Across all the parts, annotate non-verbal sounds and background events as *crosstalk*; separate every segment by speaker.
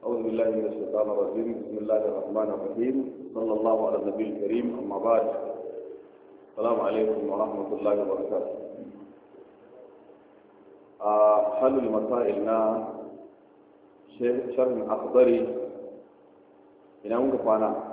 Speaker 1: أعوذ بالله من الشيطان الرجيم بسم الله الرحمن الرحيم صلى الله على النبي الكريم أما بعد السلام عليكم ورحمة الله وبركاته حل المسائلنا شرح أخضري إلى أنك فانا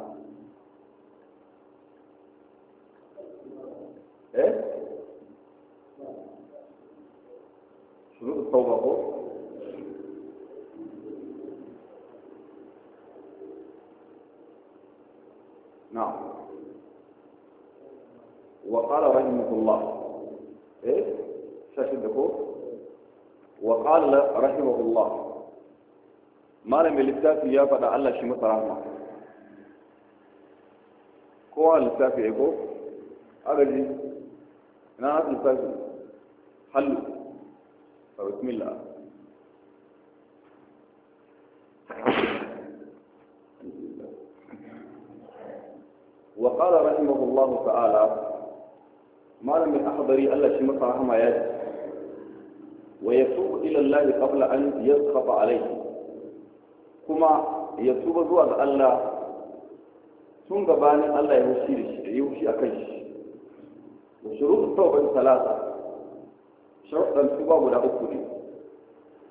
Speaker 1: قال رحمه الله ما لم يلتاف يا فدا الله شي قال كو التاف يكو اغدي انا التاف حل بسم الله وقال رحمه الله تعالى ما لم يحضري الله شي مصرحه ما wa yatubu ila Allah qabla an yaskhafa alayhi kuma ya tuba zuwa ga Allah tun gabanin Allah ya hushi da shi ya hushi akan shi wa shurutu tawbah salasa sharuɗan tuba guda uku ne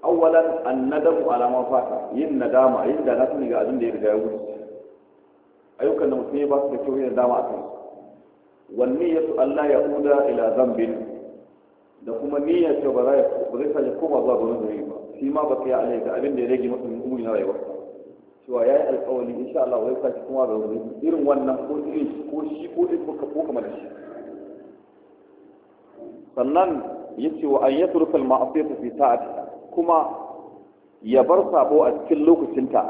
Speaker 1: awwalan annadamu ala ma fata yin nadama yin da na sani ga abin da ya riga ya wuce ayyukan da mutum ya ba su da kyau yin nadama a kan wannan yasu Allah ya uda ila zambin da kuma niyyar ta ba za ya sake koma zuwa gurin zuri ba shi ma ba ka yi alai ga abin da ya rage masa umuri na rayuwa cewa ya yi alkawali insha Allah zai sake koma ga zuri irin wannan ko irin ko shi ko irin ko kamar shi sannan ya ce wa an yi turkul ma'asiyata fi ta'ati kuma ya bar sabo a cikin lokacinta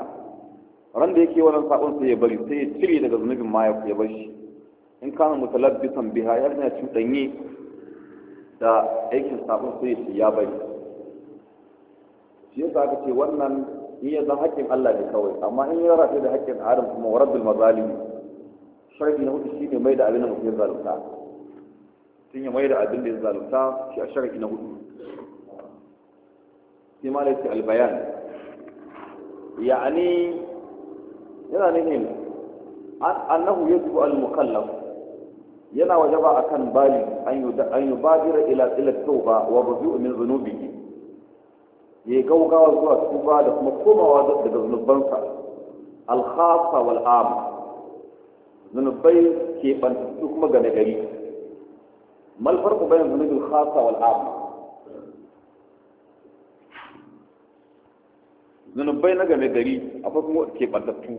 Speaker 1: ran da yake wannan sabon sai ya bari sai ya cire daga zunubin ma ya bar shi in kana mutalabbisan biha ya rina cuɗanye da aikin sabon sai shi ya bari shi yasa aka ce wannan in ya zan haƙƙin Allah ne kawai amma in ya rafe da hakkin Adam kuma warabbul mazalimi sharadi na hudu shine mai da abin da mutum ya zalunta tun ya mai da abin da ya zalunta shi a sharadi na hudu sai ma laifi albayan ya'ani yana nufin annahu yajibu al-mukallaf yana wajaba akan bali an yi yubadira ila ila tauba wa rubu min dhunubihi yayi gaugawa zuwa tuba da kuma komawa daga zunubansa al khassa wal am zunubai ke bantattu kuma ga nagari mal farqu bayan zunubil khassa wal am zunubai na game gari akwai kuma ke bantattu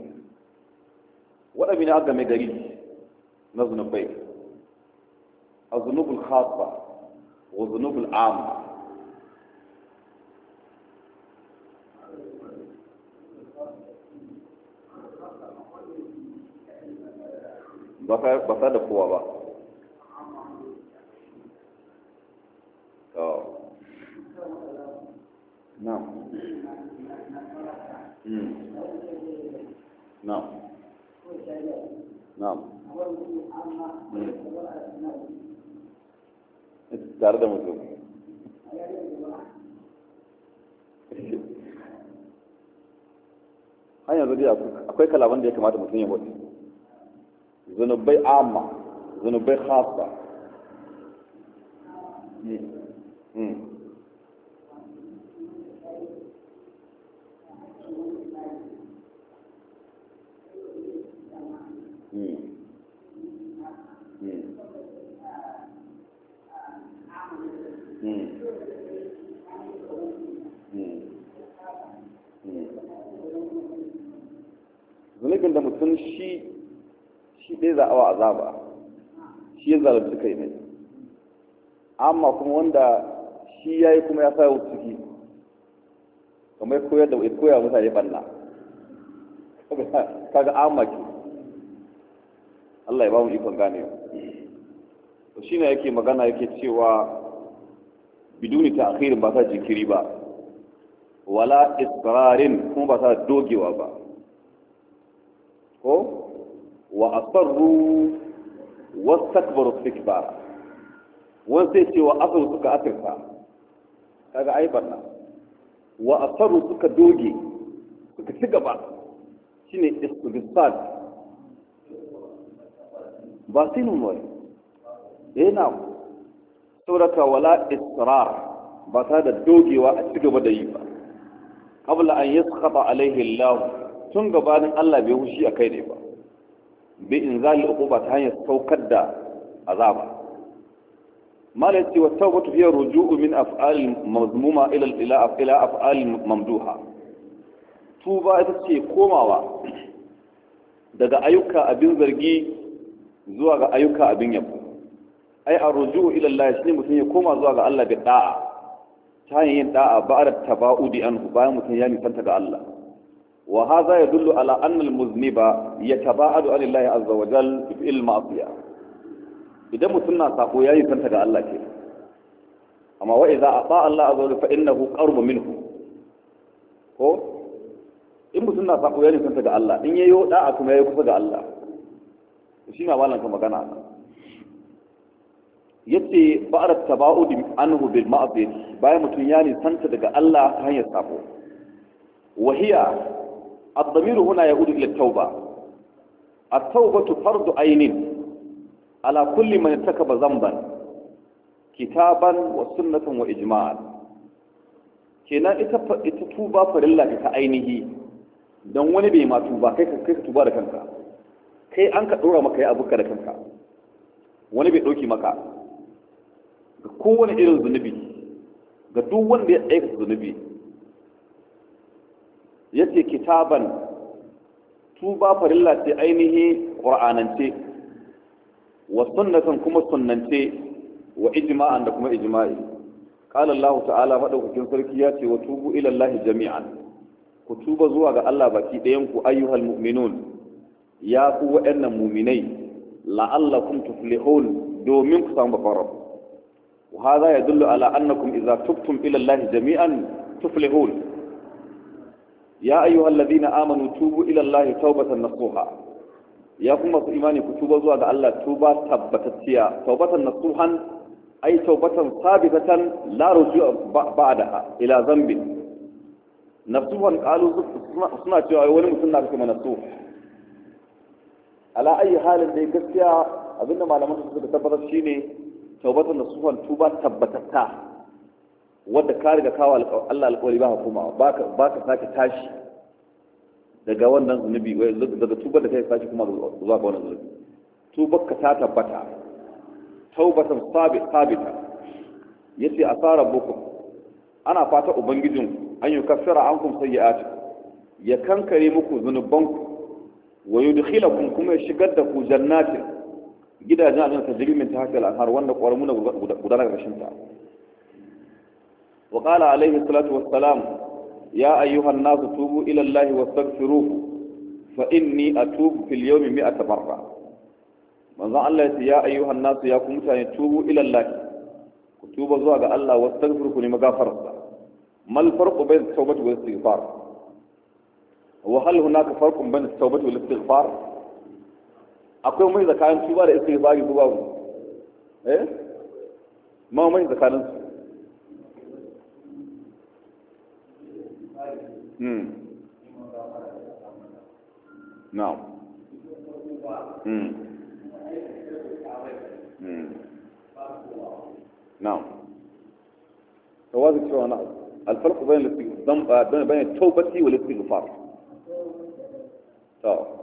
Speaker 1: waɗanda ne a game gari na zunubai الذنوب الخاصه والذنوب العامه بس هذا قوة بقى آه.
Speaker 2: نعم. نعم نعم نعم نعم
Speaker 1: tare da mutum har yanzu dai akwai kalaban da ya kamata mutum ya wata zunubai amma zunubai khasa hmm. zunubin da mutum shi shi ɗaya za a azaba shi ya zarafi kai ne amma kuma wanda shi ya yi kuma ya sa wuce ciki kamar koyar da koya mutane banna *laughs* kaga amma ki Allah ya ba mu ikon gane to ne yake magana yake cewa biduni ta akhirin ba sa jinkiri ba wala israrin kuma ba sa dogewa ba ko wa asarru wastakbaru istikbara wani sai ce wa asarru suka asirta kaga ai barna wa asarru suka doge suka ci gaba shine istighfar ba sinu wani eh na wala israr ba ta da dogewa a ci gaba da yi ba qabla an yaskhata alaihi Allah tun gabanin Allah bai hushi a kai ne ba bi in zali ba ta hanyar saukar da azaba mala yace wa tawbatu hiya ruju'u min af'al mazmuma ila ila ila af'al mamduha tuba ita ce komawa daga ayyuka abin zargi zuwa ga ayyuka abin yabo ai a ruju'u ila Allah shine mutum ya koma zuwa ga Allah bi da'a ta hanyar yin da'a ba'ar taba'udi anhu bayan mutum ya nisanta ga Allah وهذا يدل على أن المذنب يتباعد عن الله عز وجل في المعصية إذا مثلنا ساقو ياي سنتك الله كيف أما وإذا أطاع الله عز وجل فإنه قرب منه هو إن مثلنا ساقو ياي سنتك الله إن يو داعكم ياي كفتك الله شيما وانا كما كان عنا yace ba'ar taba'ud anhu bil ma'siyah bayan mutun ya nisanta daga Allah ta hanyar sako wahiya الضمير هنا يعود إلى التوبة التوبة فرض عين على كل من ارتكب ذنبا كتابا وسنة وإجماعا كنا إتتوبة فلله tuba farilla بما توبة كيف don wani bai ma أنك kai ka tuba da kanka kai wani bai dauki maka ga kowane irin zunubi ga duk wanda ya aikata zunubi yace kitaban tuba farilla ce ainihi qur'anance wa sunnatan kuma sunnance wa ijma'an da kuma ijma'i qala Allah ta'ala madaukakin sarki ya ce wa tubu ila Allah jami'an ku tuba zuwa ga Allah baki ɗayan ku ayyuhal mu'minun ya ku waɗannan muminai la'allakum tuflihun domin ku samu babbar rabu wa hadha yadullu ala annakum idza tubtum ila Allah jami'an tuflihun ya ayyuhal ladina amanu tubu ila Allah tawbatan nasuha ya kuma su imani ku tuba zuwa ga Allah tuba tabbatacciya Ta'ubatan nasuhan ay tawbatan sabitatan la rujua ba'daha ila dhanbi nasuhan qalu suna cewa wani mutum na kuma nasuh ala ayi halin da gaskiya abinda malaman suka tabbatar shine ta'ubatan nasuhan tuba tabbatatta wadda ka riga kawo Allah alƙawari ba ka ba ka sake tashi daga wannan zunubi daga tubar da kai sake kuma zuwa ga wannan zunubi tubar ka ta tabbata taubatan sabita yace tsara bukum ana fata ubangijin an yi kafira an kum sayyi'ati ya kankare muku ku wa yudkhilakum kuma ya shigar da ku jannatin gidajen aljanna tajri min ta al-anhar wanda qawmuna gudana ga da shinta وقال عليه الصلاة والسلام يا أيها الناس توبوا إلى الله واستغفروه فإني أتوب في اليوم مئة مرة من ذا الله يا أيها الناس يا كمتاني توبوا إلى الله كتوبة زواج الله واستغفروه لمغافر ما الفرق بين التوبة والاستغفار وهل هناك فرق بين التوبة والاستغفار أقول ما إذا كان توبة الاستغفار يبقى إيه ما ما إذا كان نعم نعم فواضح الفرق بين آه، بين بين التوبة والاستغفار طيب.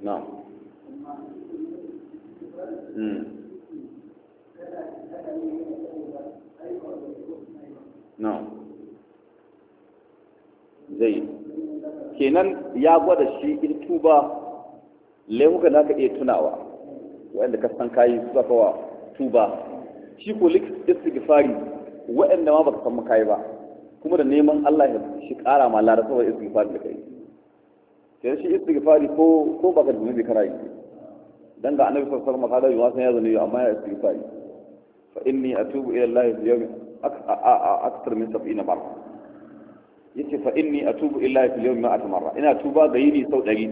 Speaker 1: نعم kenan ya gwada shi in tuba laifuka da ka iya tunawa wa'anda ka san kayi su zaka tuba shi ko istighfari wa'anda ma baka san makayi ba kuma da neman Allah ya shi kara ma lara saboda istighfari da kai sai shi istighfari ko ko baka da zunubi kana yi dan ga annabi sallallahu alaihi wasallam kada yawa san ya zunubi amma ya istighfari fa inni atubu ila Allah fi yawmi akthar min 70 marra yace fa inni atubu illahi fil yawmi ma'a marra ina tuba ga yini sau dari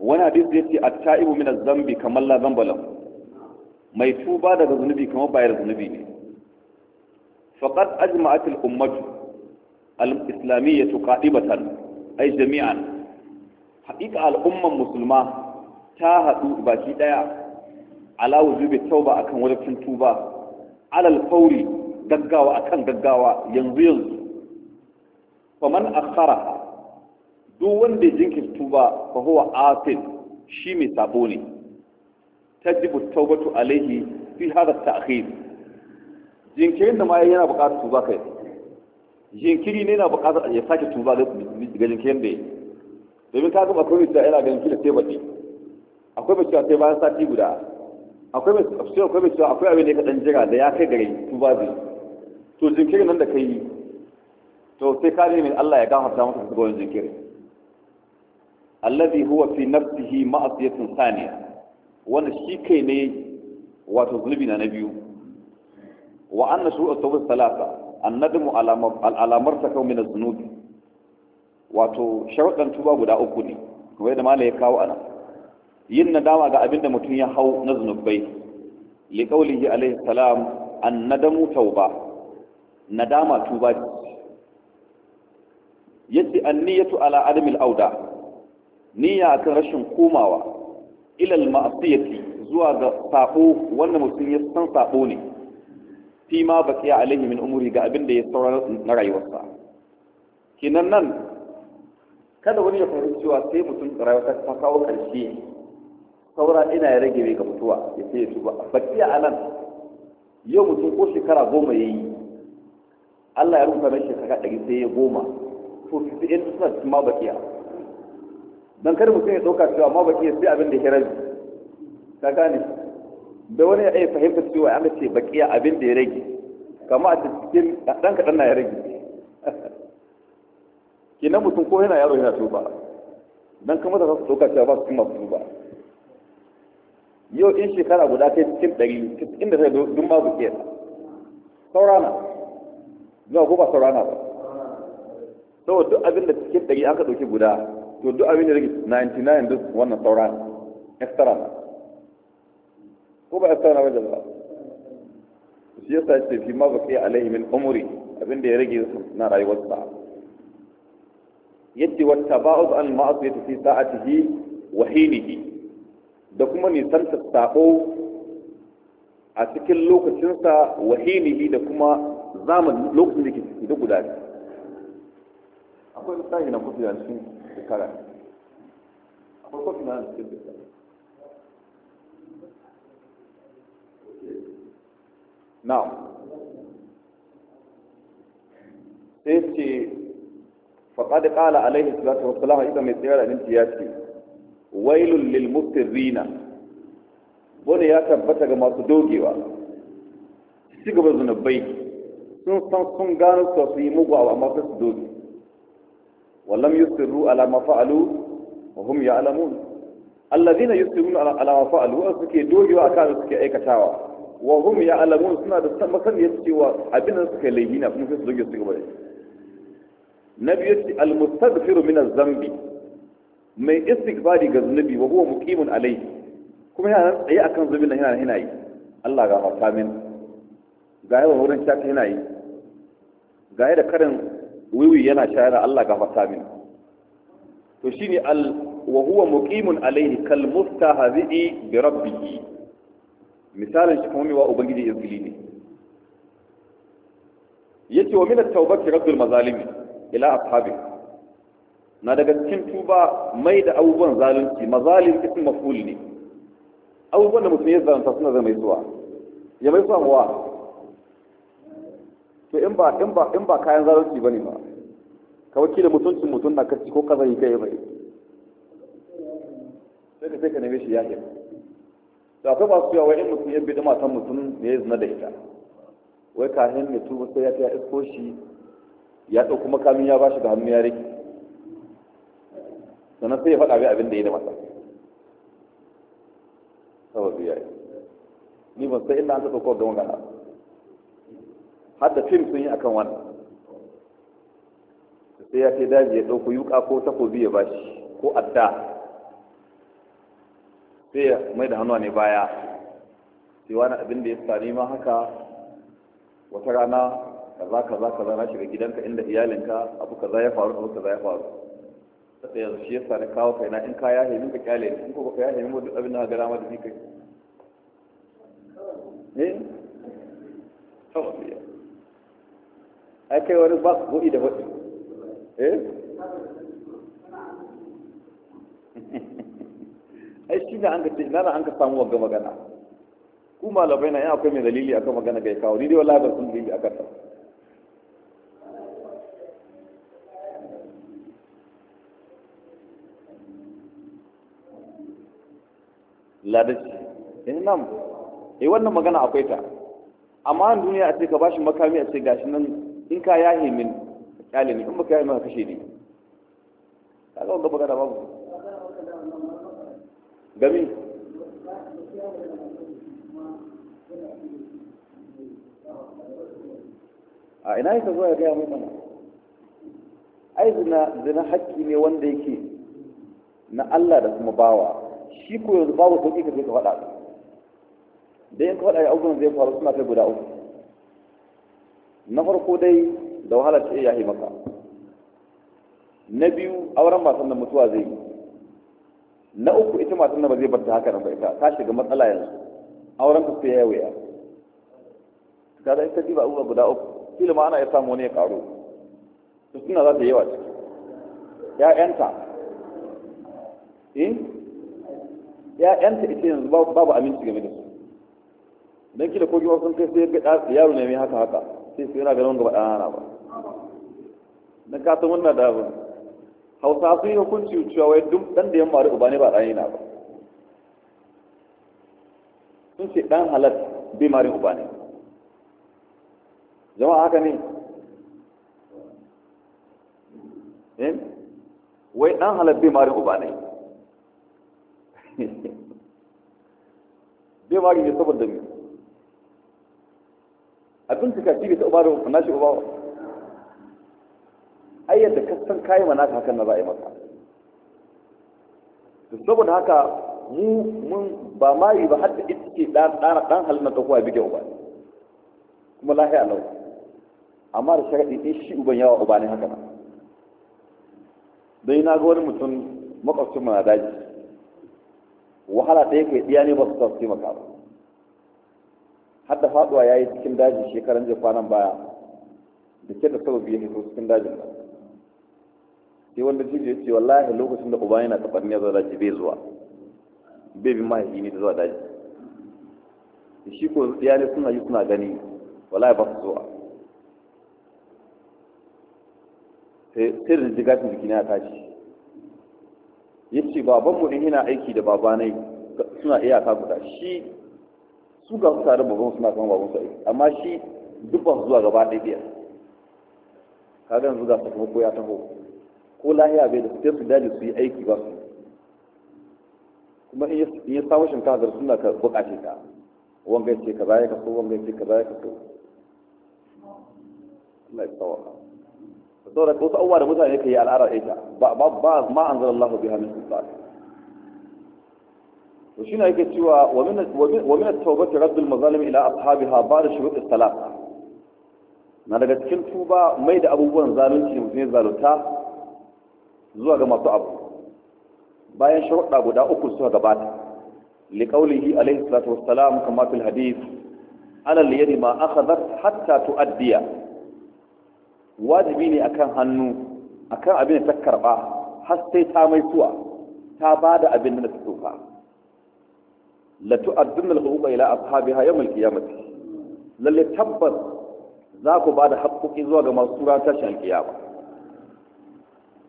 Speaker 1: wani hadisi yace at-ta'ibu min adh-dhanbi kamal la dhanba lahu mai tuba daga zunubi kamar bayar zunubi ne faqad ajma'at al ummah al-islamiyyah qadibatan ay jami'an haqiqa al ummah musulma ta hadu baki daya ala wujubi tauba akan wajibin tuba ala al-fawri gaggawa akan gaggawa yanzu yanzu faman akhara duk wanda ya jinkirtu ba fa huwa afil shi mai sabo ne tajibu tawbatu alaihi fi hada ta'khir jinkirin da ma yana buƙatar tuba kai jinkiri ne yana buƙatar ya sake tuba ga jinkirin da ya domin ka ga akwai cewa yana ganin kila sai ne. akwai mai cewa sai bayan sati guda akwai mai cewa akwai mai cewa akwai abin da ya kadan jira da ya kai gare tuba zai to jinkirin nan da ka yi to sai ka nemi Allah ya gafarta masa su goyin zikiri allazi huwa fi nafsihi ma'asiyatun saniya wanda shi kai ne wato zunubi na biyu wa anna shu'a tawbah salasa annadmu alamar alamar sakau min az-zunubi wato sharuɗan tuba guda uku ne kamar yadda malai ya kawo ana yin nadama ga abinda mutum ya hau na zunubai li qawlihi alaihi salam annadamu tauba nadama tuba ce yace anniyatu ala adamil auda niyya akan rashin komawa ilal ma'asiyati zuwa ga sabo wanda mutum ya san sabo ne fi ma baqiya alaihi min umuri ga abin da ya saura na rayuwarsa kinan nan kada wani ya fahimci cewa sai mutum rayuwarsa ta kawo karshe saura ina ya rage mai ga mutuwa ya sai ya tuba baqiya alan yau mutum ko shekara goma yayi Allah ya rubuta mai shekara ɗari sai ya goma to ma don kada mutum ya ɗauka cewa ma bakiya sai abin da ke rage ka gane da wani ya fahimta cewa an ce ya abin da ya rage kama a cikin ɗan kaɗan na ya rage *laughs* kenan mutum ko yana yaro yana tuba don kama da su ɗauka cewa ba su kuma tuba yau in shekara guda kai cikin ɗari inda ta dun ma bakiya saurana zuwa ko ba saurana ba saboda duk abin da cikin ɗari an ka ɗauki guda to duk abin da rage 99 duk wannan saura extra na ko ba extra na wajen ba shi yasa ce fi ma baki alaihi min umri abin da ya rage na rayuwarsa yadda wata ba'uz an ma'asu ya tafi sa'atihi wa hinihi da kuma nisanta sabo a cikin lokacinsa wa hinihi da kuma zaman lokacin da ke ciki da guda biyu akwai littafi na kofi a cikin shekara akwai kofi na cikin shekara now sai ce faƙa da ƙala alaihi zata wasu salama ita mai tsayar abinci ya ce wailun lil Rina, wani ya tabbata ga masu dogewa su gaba zunubai sun san sun gano su su yi mugu masu su doge wallam yusiru ala fa'alu wa hum ya'lamun alladhina yusiruna ala ma fa'alu suke dogewa akan suke aikatawa wa hum ya'lamun suna da masaniyar cewa abin da suke laifi na kuma sai su doge su gaba da nabi yace al-mustaghfiru min az-zambi mai istighfari ga zunubi wa huwa muqimun alayhi kuma yana tsaye akan zunubin nan yi Allah wurin yana yi da karin wiwi yana shayar Allah fata min to shine al wa huwa muqimun alayhi kal mustahzi bi rabbih misalin shi kuma wa ubangiji ya zili ne yace wa min at-taubati raddul mazalimi ila ashabi na daga cikin tuba mai da abubuwan zalunci mazalim ism maf'ul ne abubuwan da mutum ya zanta suna zama zuwa ya mai zuwa to in ba in ba in ba kayan zalunci bane ba ka wakila mutuncin mutum na kaci ko kazari kai bai sai ka sai ka neme shi yaƙi da akwai masu cewa wai in mutum ya bidi matan mutum ne ya zina da ita wai kafin ya tuba sai ya ta isko shi ya ɗauki makamin ya bashi da hannu ya rike sannan sai ya faɗa bai abin da ya da mata saboda ya yi ni ban sai inda an taɓa kowar da wangana ba har da fim sun yi akan wannan sai ya ce daji ya ɗauko yuka ko takobi ya bashi ko adda sai ya mai da hannuwa ne baya sai wani abin da ya sami ma haka wata rana kaza kaza kaza na shiga gidanka inda iyalinka abu kaza ya faru abu kaza ya faru sai yanzu shi ya sani kawo kaina in ka yahe min ka kyale in ko ka yahe min duk abin da ka gada ma da ni kai kai wani ba su da wasu eh ai shi ne an ka ce ina na an ka samu wagga magana ku malamai na yan akwai mai dalili akan magana ga ya kawo ni dai wallahi sun dalili akan ta ladaci in eh, nan eh wannan magana akwai ta amma duniya a ce ka bashi makami a ce gashi nan in ka yahe min kyale ne in baka yahe min kashe ne ka ga wanda baka da babu gami a ina yake zuwa ya gaya mai mana ai zina zina haƙƙi ne wanda yake na Allah da kuma bawa shi ko yanzu babu sauƙi ka je ka faɗa da in ka faɗa ya abubuwan zai faru suna kai guda uku na farko dai da wahala ta iya yi maka na biyu auren matan da mutuwa zai yi na uku ita matan da ba zai bar ta haka na bai ta shiga matsala yanzu auren ka sai ya wuya ka da ita diba abubuwa guda uku kila ma ana ya samu wani ya karo su suna za ta yawa ciki ya'yanta eh ya'yanta ita yanzu babu aminci game da su don kila ko gima sun kai sai ya yaro ne mai haka haka sai su yana ganin gaba ɗanana ba na kasa wannan da hausa sun yi hukunci cewa wai duk ɗan da yamma mari uba ne ba ɗan na ba sun ce ɗan halar bai mari uba ne jama'a haka ne eh? wai ɗan halar bai mari uba ne *laughs* bai mari ne saboda mai Abin bincika shi bai taɓa ba da shi ba ai yadda ka san kayi mana ka hakan na za a yi maka to saboda haka mu mun ba ma yi ba hadda ita ke ɗan halin na tafiya bige uba kuma lahiya lau amma da sharaɗi ɗin shi uban yawa uba ne haka nan dai na ga wani mutum makwabcin mana daji wahala ɗaya kai ɗiya ne ba su taimaka ba har da faduwa ya yi cikin daji shekaran jiya kwanan baya da ke da sababi ya hito cikin dajin ba sai wanda jiji ya ce wallahi lokacin da uba yana tsakanin ya zuwa daji bai zuwa bai bi mahaifi ne da zuwa daji da shi ko iyali suna yi suna gani wallahi ba su zuwa sai da ji gashin jikina ya tashi ya ce babanmu in yana aiki da babanai suna iyaka guda shi su ga su tare babban suna kan babban aiki amma shi duk ba zuwa gaba ɗaya biyar kaga yanzu ga sakamako ya taho ko lahiya bai da sai su dage su yi aiki ba su kuma in ya samu shinkafa da suna ka bukace ka wanga ce ka baya ka so wanga ce ka baya ka so Allah ya tsawa saboda wasu abubuwa da mutane ka yi al'ada ita ba ma an zara Allah biya min sultan to shine yake cewa wa min wa min at-tawbati mazalim ila ashabiha ba'da shurut as na daga cikin tuba mai da abubuwan zalunci mutum zalunta zuwa ga masu abu bayan sharuɗa guda uku suka gabata liqaulihi alaihi salatu wassalam kama fil hadith ala al-yadi ma akhadhat hatta tuaddiya wajibi ne akan hannu akan abin da ta karba har sai ta mai suwa ta bada abin da ta tsofa la tu'addun al-huquqa ila ashabiha yawm al-qiyamah lalle tabbas za ku bada haƙƙoƙi zuwa ga masu tura tashin al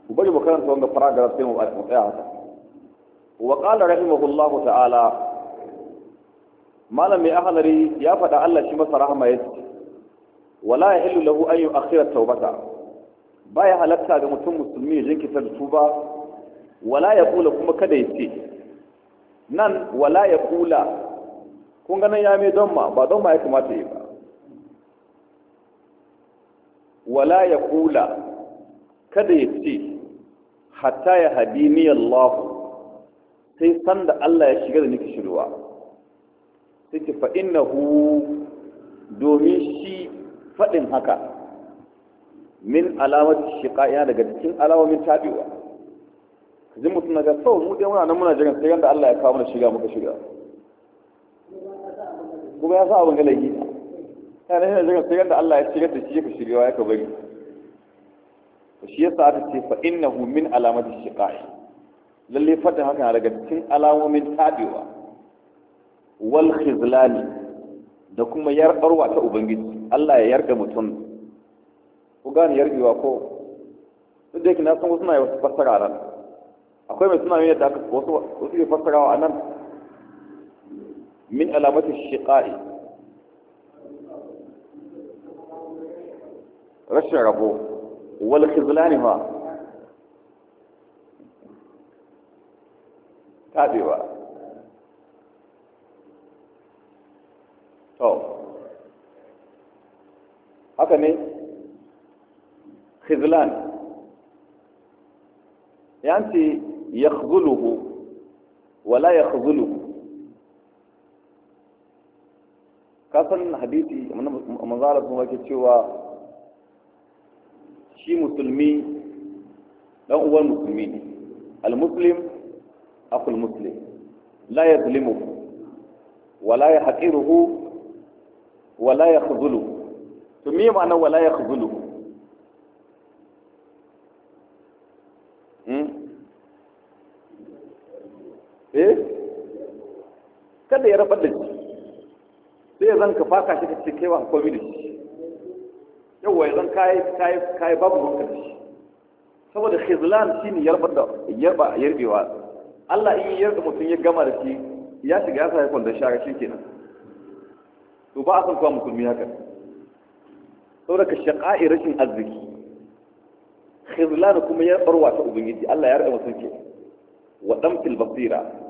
Speaker 1: ku bari mu karanta wanga paragraph sai mu tsaya haka wa qala rahimahullahu ta'ala malam mai ahalari ya faɗa Allah shi masa rahama ya ce wala ya illu lahu an Taubata? Ba ya halatta ga mutum musulmi ya jinkirta tuba wala ya kula kuma kada ya ce nan wala ya kula kun ganin ya mai don ma ba don ma ya kamata yi ba wala ya kula kada ya ce hatta ya ni Allah sai sanda Allah ya shiga da nake shirwa sai ce fa domin shi faɗin haka min alamar shiƙa yana daga cikin alamomin taɓewa ji mutum na ga sau mu dai muna nan muna jiran sai yanda Allah ya kawo mana shiga muka shiga kuma ya sa abin ga laifi ta ne yana jiran sai yanda Allah ya shigar da shi ka shiga ya ka bari shi yasa aka ce fa innahu min alamati shiqai lalle fata haka na daga cikin alamomin tabewa wal khizlani da kuma yarbarwa ta ubangiji Allah ya yarda mutum ku gane yarbewa ko duk da yake na san wasu na yi wasu fassara akwai mai suna yadda aka wasu wasu ke fassarawa a nan min alamatin shiƙa'i rashin rabo wal khizlani ma tabewa to haka ne khizlan yanci يخذله wala يخذله kasan hadisi manzara sun wake cewa shi musulmi dan uwan musulmi ne al-muslim akul muslim la yazlimuhu wala yahqiruhu wala yakhzuluhu to me ma'ana wala yakhzuluhu Eh? kada ya rabar da shi sai ya zanka faka shi kace kai wa komi da shi yawa ya zanka kai kai kai babu wanka da saboda khizlan shine rabar da yarba yarbewa Allah in yarda mutum ya gama da shi ya shiga ya sa ya kwanda shaka shi kenan to ba a san kuwa musulmi haka saboda ka shaƙa'i rashin arziki khizlan kuma ya barwa ta ubangiji Allah ya yarda sun ke wa damtil basira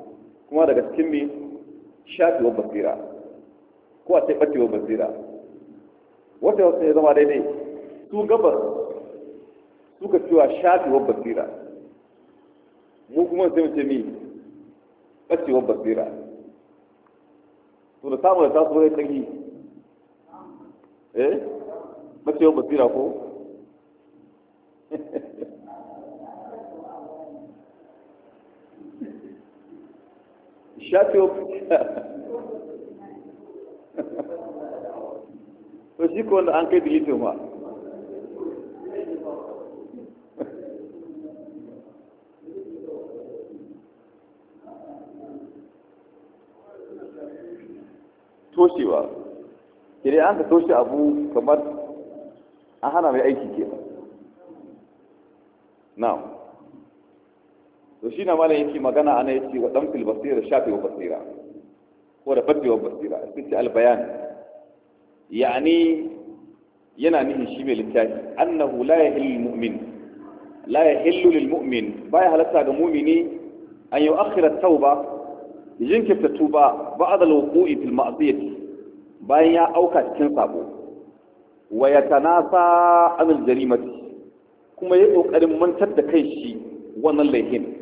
Speaker 1: kuma daga cikin mai shafewar basira ko a ce ɓacewar basira wata wasu ya zama daidai su gabar suka cewa shafewar basira mu kuma sai mu ce mai ɓacewar basira to da samu da tasu ya tsaki eh ɓacewar basira ko *laughs* shut your to shi ko wanda an kai dilitin ma toshewa idan an ka toshe abu kamar an hana mai aiki ke now to shi na malam yake magana ana yake wa dan fil basira shafi wa basira ko da fadi basira sai al bayan yani yana nihin shi mai littafi annahu la ya lil mu'min la ya yahillu lil mu'min ya halatta ga mu'mini an yu'akhkhira tauba jinkirta tuba ba'da al-wuqu'i fil ma'siyati bayan ya auka cikin sabo wa yatanasa an al-jarimati kuma ya kokarin mantar da kai shi wannan laihin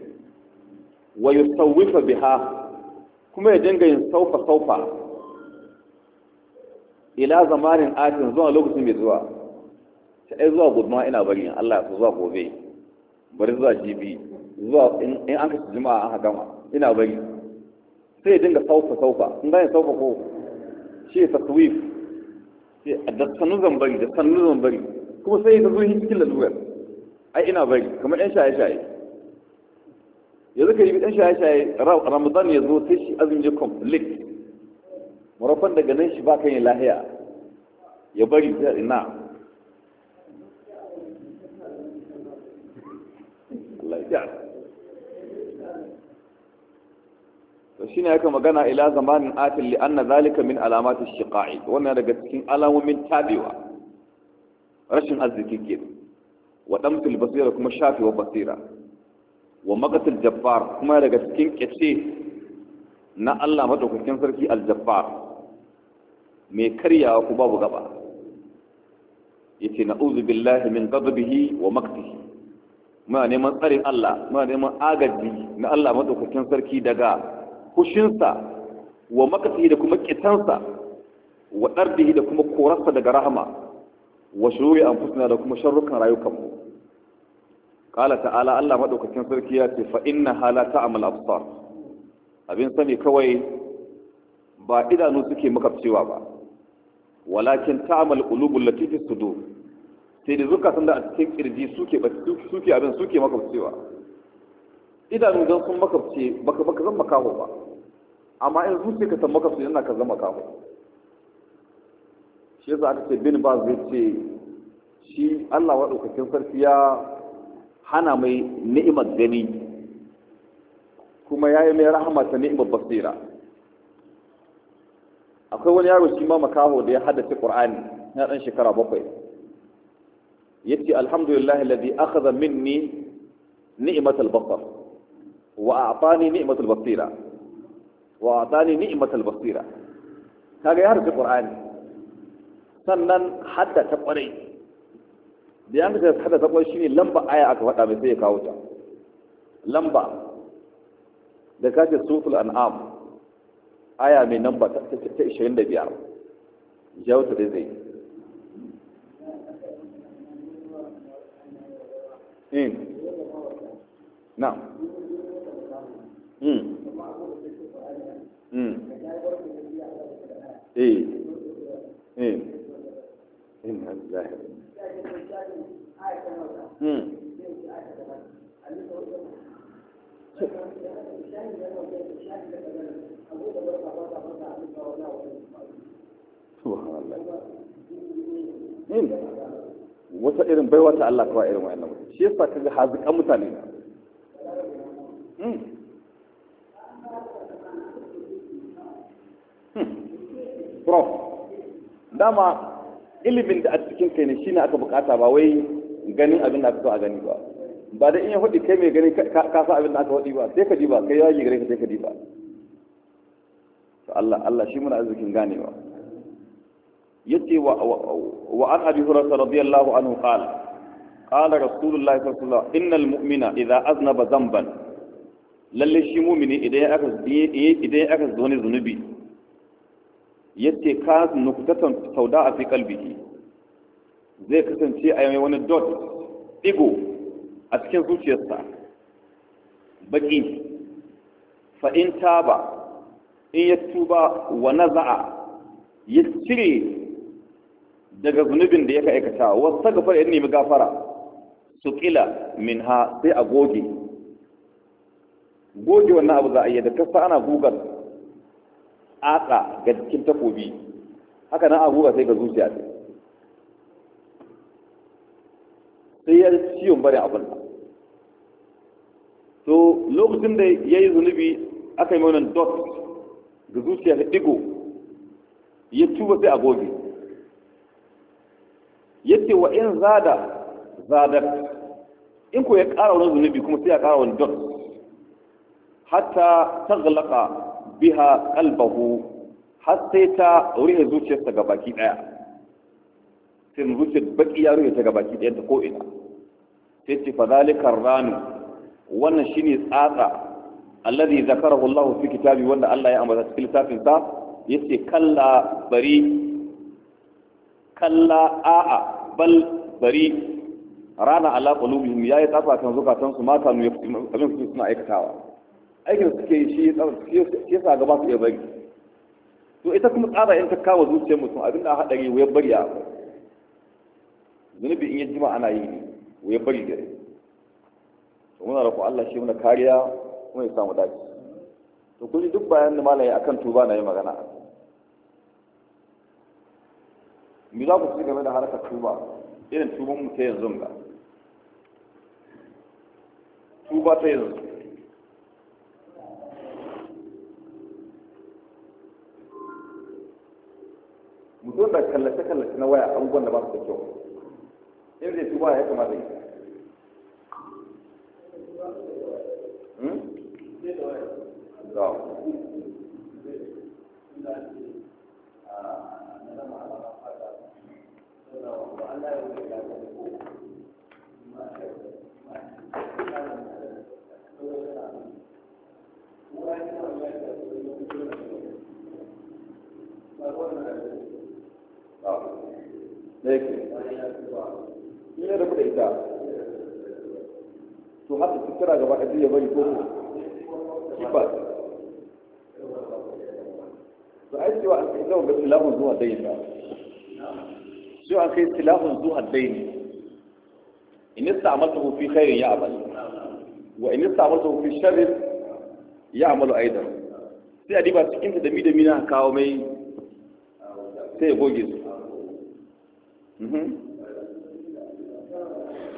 Speaker 1: wa yusawwifa biha kuma ya dinga yin saufa saufa ila zamanin atin zuwa lokacin mai zuwa ta ai zuwa gobe ina bari Allah ya zuwa gobe bari zuwa jibi zuwa in an kashi juma'a an gama ina bari sai ya dinga saufa saufa in yin saufa ko shi ta taswif sai da sanu zan bari da sanu zan bari kuma sai ya zo cikin lalura ai ina bari kamar yan shaye shaye yanzu ka yi ɗan shaye-shaye ramadan ya zo sai shi azumi ya complete marafan daga nan shi ba kan yi lahiya ya bari ta ina lafiya to shi ne aka magana ila zamanin atin li anna zalika min alamati shiqa'i wannan daga cikin alamomin tabewa rashin arziki ke wa damtul basira kuma shafi basira wa maqatul jabbar kuma daga cikin kace na Allah madaukakin sarki al-jabbar mai karyawa ku babu gaba yace na'udhu billahi min ghadabihi wa maqtihi muna neman tsarin Allah muna neman agaji na Allah madaukakin sarki daga kushinsa wa maqtihi da kuma kitansa wa dardihi da kuma korarsa daga rahama wa shururi anfusina da kuma sharrukan rayukanmu qala ta'ala Allah madaukakin sarki ya ce fa inna hala ta ta'mal absar abin sani kawai ba idanu suke makabcewa ba walakin ta'mal qulubul latifi sudur sai da zukatan da a cikin kirji suke suke abin suke makabcewa idanu dan sun makabce baka baka zama kawo ba amma in zuciya ka san makabce yana ka zama kawo shi yasa aka ce bin ba zai ce shi Allah wa daukakin sarki ya hana mai ni'imar gani kuma ya yi mai rahama ta ni'imar basira akwai wani yaro shi ma makaho da ya haddace ƙur'ani na ɗan shekara bakwai ya yace alhamdulillah alladhi akhadha minni ni'mat al-basar wa a'tani ni'mat al-basira wa a'tani ni'mat al-basira kaga ya haddace ƙur'ani sannan haddace ƙwarai. da yanzu ka hada takwas shine lamba aya aka faɗa mai sai ya kawo ta lamba da kace suful an'am aya mai namba ta 25 jawo ta dai zai
Speaker 2: in na hmm mm eh eh hmm. in lillahi Hmm. Hmm.
Speaker 1: wata irin baiwa ta Allah kawai irin wa'annan shi yasa kaga hazikan mutane na. Hmm. prof dama ilimin da a cikin kai ne shine aka bukata ba wai ganin abin da aka a gani ba ba da in ya faɗi kai mai gani ka sa abin da aka faɗi ba sai ka diba kai yaji gare ka sai ka diba to Allah Allah shi muna arzikin ganewa yace wa wa an abi hurairah radiyallahu anhu qala qala rasulullah sallallahu alaihi wasallam innal mu'mina idza aznaba dhanban lalle shi mu'mini idan aka idan aka zo ne zunubi yace ka nuktatan sauda a fi qalbihi zai kasance a yi wani dot digo a cikin zuciyarsa baki fa'in ba, in ya tuba wa naza'a ya cire daga zunubin da ya ka aikata wasu gafar ya nemi gafara su ƙila min ha sai a goge goge wannan abu za a yi da kasa ana gugar aka ga cikin takobi haka nan a guga sai ga zuciya ce sai ya ciwon barin abin to lokacin da ya yi zunubi aka yi wannan dot ga zuciya ta digo ya tuba sai a gobe ya ce wa in zada zadar in ko ya ƙara wani zunubi kuma sai ya ƙara wani dot hatta ta zalaka biha kalbahu har sai ta rufe zuciyarsa ga baki ɗaya sai zuciyar baki ya rufe ta gabaki ɗaya ta ko'ina sai ce fa zalikar ranu wannan ne tsatsa alladhi zakarahu Allah fi kitabi wanda Allah ya ambata cikin littafin sa yace kalla bari kalla a'a bal bari rana ala qulubihim yayi tsafa kan zukatan su mata nu abin su suna aikatawa aikin suke shi shi yasa gaba su ya bari to ita kuma tsara in ta kawo zuciyar mutum abin da hadari wayar bari ya? zunubi in yi jima ana yi ne wa ya bari dare to muna da ku Allah shi muna kariya kuma ya samu dace to kun duk bayan da malami akan tuba na yi magana me za ku ci game da harkar tuba irin tuban mu ta yanzu ga tuba ta yanzu mutum da kallace-kallace na waya abubuwan da ba su da kyau in zai tuba ya kamata yi Thank hmm? you. ya rabu da ita to har da tattara gaba a ya bari ko kifa to ai cewa an kai nawa ga tilahun zuwa dai ba cewa an kai tilahun zuwa dai ne in istamatu fi khairin ya abal wa in istamatu fi sharrin ya amalu aidan sai a diba cikin da mi da mi na kawo mai
Speaker 2: sai ya goge su mhm.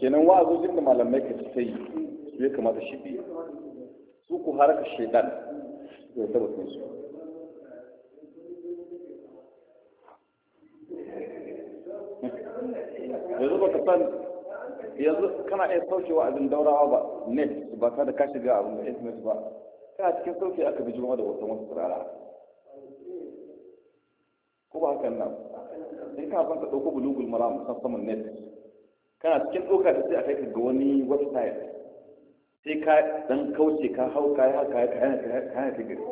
Speaker 2: kenan
Speaker 1: wa'azojin da malamai ka ci sai su ya kamata shi biya su ku haraka shaidan da ya tabbatar su yanzu ba ka san yanzu kana iya sauke wa'azin daurawa ba net ba ta da ka shiga abin da internet ba kana cikin sauke aka bi jima da wasan wasu turara ko ba hakan nan kafin ka ɗauko bulugul maram musamman net kana cikin ɗauka ta sai a kai ga wani website sai ka dan kauce ka hau kaya yi haka ka yi haka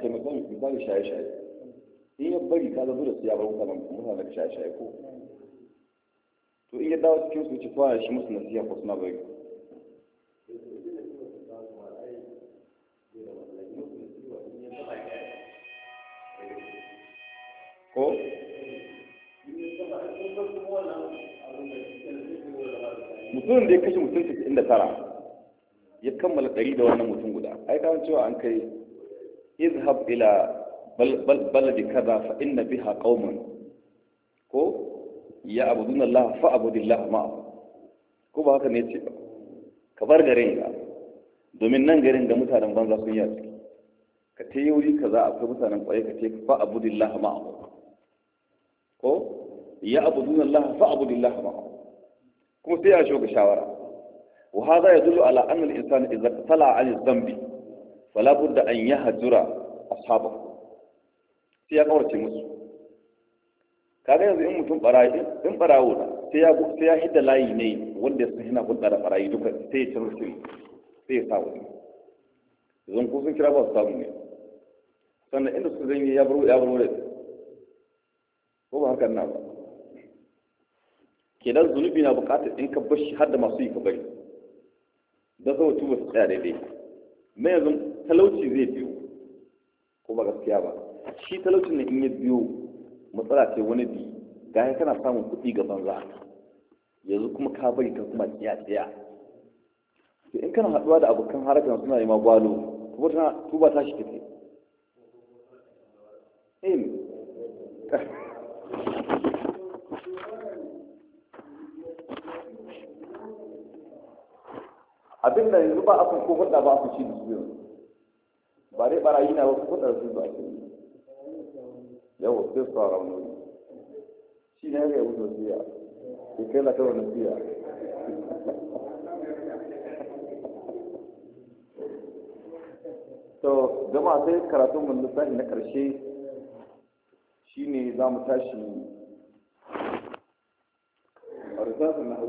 Speaker 1: taimakon da shaye-shaye in ya bari ka zabu da su ya bar kuma mutanen da shaye-shaye ko to in ya dawo cikin su ci fara shi musu nasiha ko suna bari ko mutumin da ya kashe mutum 69 ya kammala ɗari da wannan mutum guda ai kawai cewa an kai izhab ila baladi kaza fa inna biha qauman ko ya abudun Allah fa abudillah ma ko ba haka ne ce ba ka bar garin ka domin nan garin da mutanen banza sun yi ka ta yi wuri mutanen kwaye ka ce fa ma ko ya abudun Allah fa abudillah ma kuma sai ya shoga shawara wa hada yadullu ala anna al-insana idza tala 'ala dhanbi Wala budda an a ashabahu sai ya kawarce musu kaga yanzu in mutum barayi in barawo da sai ya sai ya hidda layi ne wanda ya hina hulɗa da barayi duka sai ya canza sirri sai ya sa wani zan ku sun kira ba su samu ne sannan inda su zan yi ya baro ya baro da ko ba hakan na ba kenan zunubi na buƙatar in ka bashi har da masu yi ka bari don saboda tuba su tsaya daidai mai yanzu talauci zai biyo ko ba gaskiya ba shi talaucin na in ya biyo matsala ce wani bi ya kana samun kuɗi ga banza yanzu kuma ka bari ka kuma tsiya tsiya to in kana haɗuwa da abokan harakan suna nema gwalo to ba ta shi take in abin da yanzu ba a kun ko hudu ba a kun shi da su yanzu ba dai barayi na ba ko ɗarsu ba ke yawa sai su fara wani shi ne ya wuce siya ke kai la kawai na siya to jama'a sai karatun mun lissafi na ƙarshe shine za mu tashi a risafin